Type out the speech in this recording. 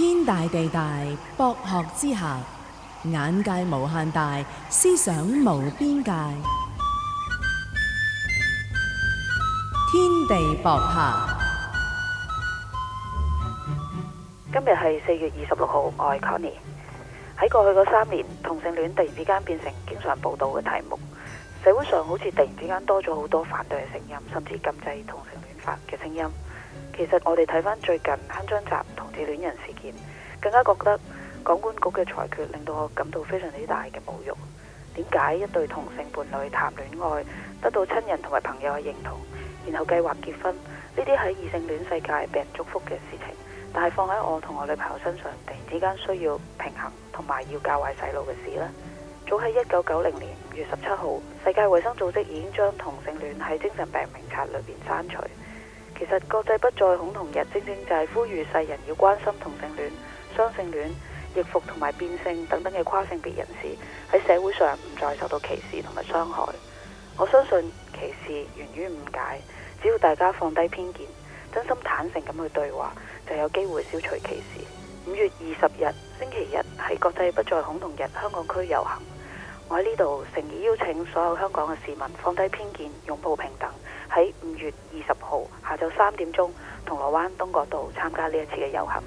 天大地大，博學之下，眼界無限大，思想無邊界。天地博客。今日係四月二十六號，我係 Connie。喺過去嗰三年，同性戀突然之間變成經常報道嘅題目，社會上好似突然之間多咗好多反對嘅聲音，甚至禁制同性戀法嘅聲音。其實我哋睇翻最近鏗鏘集。戀人事件，更加覺得港管局嘅裁決令到我感到非常之大嘅侮辱。點解一對同性伴侶談戀愛，得到親人同埋朋友嘅認同，然後計劃結婚，呢啲喺異性戀世界被人祝福嘅事情，但係放喺我同我女朋友身上，突然之間需要平衡，同埋要教壞細路嘅事呢？早喺一九九零年五月十七號，世界衛生組織已經將同性戀喺精神病名冊裏邊刪除。其實國際不再恐同日，正正就係呼籲世人要關心同性戀、雙性戀、易服同埋變性等等嘅跨性別人士喺社會上唔再受到歧視同埋傷害。我相信歧視源於誤解，只要大家放低偏見，真心坦誠咁去對話，就有機會消除歧視。五月二十日星期日係國際不再恐同日，香港區遊行，我喺呢度誠意邀請所有香港嘅市民放低偏見，擁抱平等。月二十號下晝三點鐘，銅鑼灣東角道參加呢一次嘅遊行。